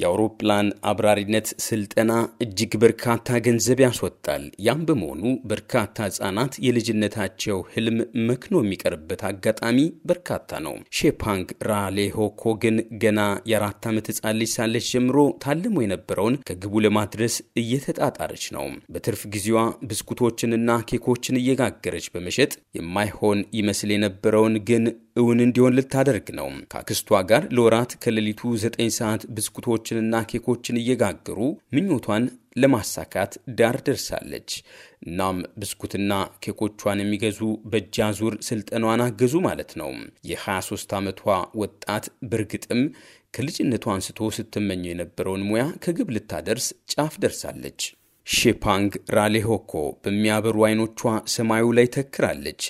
የአውሮፕላን አብራሪነት ስልጠና እጅግ በርካታ ገንዘብ ያስወጣል። ያም በመሆኑ በርካታ ህጻናት የልጅነታቸው ህልም መክኖ የሚቀርብበት አጋጣሚ በርካታ ነው። ሼፓንግ ራሌሆኮ ግን ገና የአራት ዓመት ህጻን ልጅ ሳለች ጀምሮ ታልሞ የነበረውን ከግቡ ለማድረስ እየተጣጣረች ነው። በትርፍ ጊዜዋ ብስኩቶችንና ኬኮችን እየጋገረች በመሸጥ የማይሆን ይመስል የነበረውን ግን እውን እንዲሆን ልታደርግ ነው። ከአክስቷ ጋር ለወራት ከሌሊቱ ዘጠኝ ሰዓት ብስኩቶችንና ኬኮችን እየጋገሩ ምኞቷን ለማሳካት ዳር ደርሳለች። እናም ብስኩትና ኬኮቿን የሚገዙ በእጃዙር ስልጠናዋን አገዙ ማለት ነው። የ23 ዓመቷ ወጣት በእርግጥም ከልጅነቷ አንስቶ ስትመኘው የነበረውን ሙያ ከግብ ልታደርስ ጫፍ ደርሳለች። ሺፓንግ ራሌሆኮ በሚያበሩ አይኖቿ ሰማዩ ላይ ተክራለች።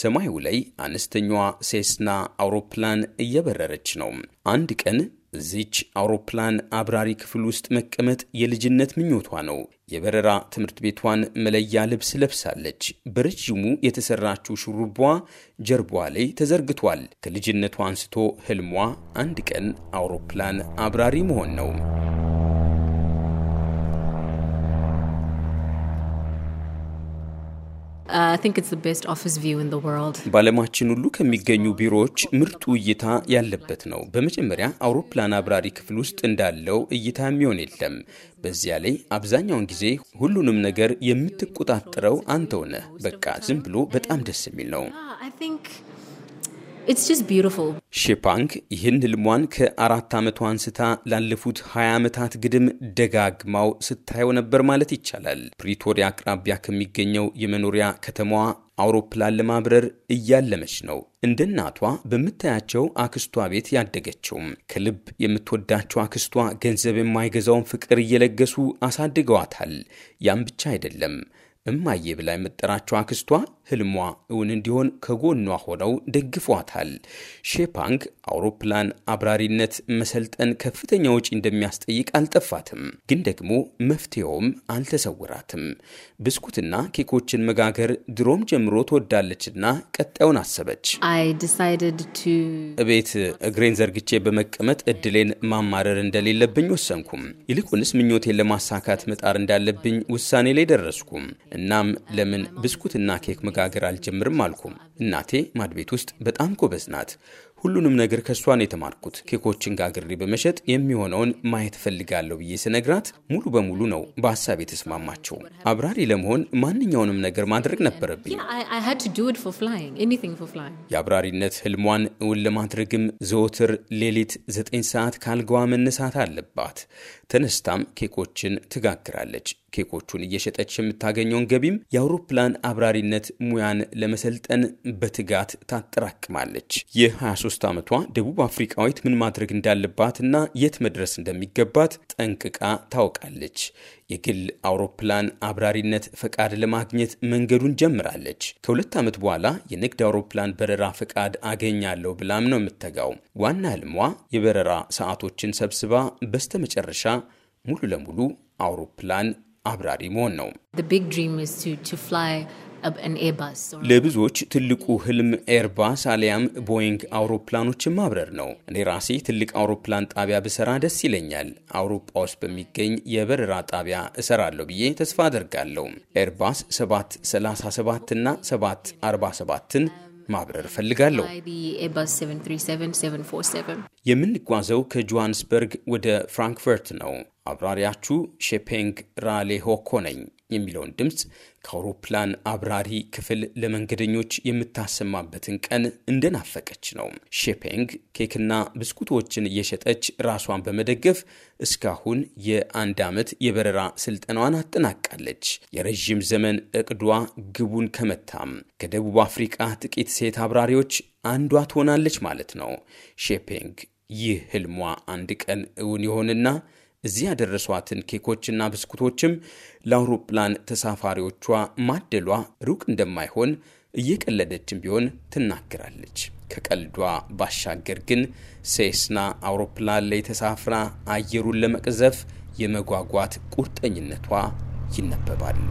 ሰማዩ ላይ አነስተኛዋ ሴስና አውሮፕላን እየበረረች ነው። አንድ ቀን እዚች አውሮፕላን አብራሪ ክፍል ውስጥ መቀመጥ የልጅነት ምኞቷ ነው። የበረራ ትምህርት ቤቷን መለያ ልብስ ለብሳለች። በረዥሙ የተሰራችው ሹሩባዋ ጀርባዋ ላይ ተዘርግቷል። ከልጅነቷ አንስቶ ህልሟ አንድ ቀን አውሮፕላን አብራሪ መሆን ነው። በዓለማችን uh, ሁሉ ከሚገኙ ቢሮዎች ምርጡ እይታ ያለበት ነው። በመጀመሪያ አውሮፕላን አብራሪ ክፍል ውስጥ እንዳለው እይታ የሚሆን የለም። በዚያ ላይ አብዛኛውን ጊዜ ሁሉንም ነገር የምትቆጣጠረው አንተው ነህ። በቃ ዝም ብሎ በጣም ደስ የሚል ነው። uh, ሼፓንክ ይህን ህልሟን ከአራት ዓመቷ አንስታ ላለፉት 20 ዓመታት ግድም ደጋግማው ስታየው ነበር ማለት ይቻላል። ፕሪቶሪያ አቅራቢያ ከሚገኘው የመኖሪያ ከተማዋ አውሮፕላን ለማብረር እያለመች ነው። እንደ እናቷ በምታያቸው አክስቷ ቤት ያደገችውም ከልብ የምትወዳቸው አክስቷ ገንዘብ የማይገዛውን ፍቅር እየለገሱ አሳድገዋታል። ያም ብቻ አይደለም እማዬ ብላ የምጠራቸው አክስቷ ህልሟ እውን እንዲሆን ከጎኗ ሆነው ደግፏታል። ሼፓንግ አውሮፕላን አብራሪነት መሰልጠን ከፍተኛ ወጪ እንደሚያስጠይቅ አልጠፋትም፣ ግን ደግሞ መፍትሄውም አልተሰውራትም። ብስኩትና ኬኮችን መጋገር ድሮም ጀምሮ ትወዳለችና ቀጣዩን አሰበች። እቤት እግሬን ዘርግቼ በመቀመጥ እድሌን ማማረር እንደሌለብኝ ወሰንኩም። ይልቁንስ ምኞቴን ለማሳካት መጣር እንዳለብኝ ውሳኔ ላይ ደረስኩም። እናም ለምን ብስኩትና ኬክ መጋገር አልጀምርም አልኩም። እናቴ ማድቤት ውስጥ በጣም ጎበዝ ናት። ሁሉንም ነገር ከእሷን የተማርኩት። ኬኮችን ጋግሬ በመሸጥ የሚሆነውን ማየት እፈልጋለሁ ብዬ ስነግራት ሙሉ በሙሉ ነው በሀሳብ የተስማማቸው። አብራሪ ለመሆን ማንኛውንም ነገር ማድረግ ነበረብኝ። የአብራሪነት ህልሟን እውን ለማድረግም ዘወትር ሌሊት ዘጠኝ ሰዓት ካልጋዋ መነሳት አለባት። ተነስታም ኬኮችን ትጋግራለች። ኬኮቹን እየሸጠች የምታገኘውን ገቢም የአውሮፕላን አብራሪነት ሙያን ለመሰልጠን በትጋት ታጠራቅማለች። የ23 በ23 ዓመቷ ደቡብ አፍሪቃዊት ምን ማድረግ እንዳለባትና የት መድረስ እንደሚገባት ጠንቅቃ ታውቃለች። የግል አውሮፕላን አብራሪነት ፈቃድ ለማግኘት መንገዱን ጀምራለች። ከሁለት ዓመት በኋላ የንግድ አውሮፕላን በረራ ፈቃድ አገኛለሁ ብላም ነው የምተጋው። ዋና ህልሟ የበረራ ሰዓቶችን ሰብስባ በስተመጨረሻ ሙሉ ለሙሉ አውሮፕላን አብራሪ መሆን ነው። ለብዙዎች ትልቁ ህልም ኤርባስ አሊያም ቦይንግ አውሮፕላኖችን ማብረር ነው። እኔ ራሴ ትልቅ አውሮፕላን ጣቢያ ብሰራ ደስ ይለኛል። አውሮፓ ውስጥ በሚገኝ የበረራ ጣቢያ እሰራለሁ ብዬ ተስፋ አደርጋለሁ። ኤርባስ 737 እና 747ን ማብረር እፈልጋለሁ። የምንጓዘው ከጆሃንስበርግ ወደ ፍራንክፈርት ነው። አብራሪያችሁ ሼፔንግ ራሌ ሆኮ ነኝ። የሚለውን ድምፅ ከአውሮፕላን አብራሪ ክፍል ለመንገደኞች የምታሰማበትን ቀን እንደናፈቀች ነው። ሼፔንግ ኬክና ብስኩቶችን እየሸጠች ራሷን በመደገፍ እስካሁን የአንድ ዓመት የበረራ ስልጠናዋን አጠናቃለች። የረዥም ዘመን እቅዷ ግቡን ከመታም ከደቡብ አፍሪቃ ጥቂት ሴት አብራሪዎች አንዷ ትሆናለች ማለት ነው። ሼፔንግ ይህ ህልሟ አንድ ቀን እውን ይሆንና እዚህ ያደረሷትን ኬኮችና ብስኩቶችም ለአውሮፕላን ተሳፋሪዎቿ ማደሏ ሩቅ እንደማይሆን እየቀለደችም ቢሆን ትናገራለች። ከቀልዷ ባሻገር ግን ሴስና አውሮፕላን ላይ ተሳፍራ አየሩን ለመቅዘፍ የመጓጓት ቁርጠኝነቷ ይነበባል።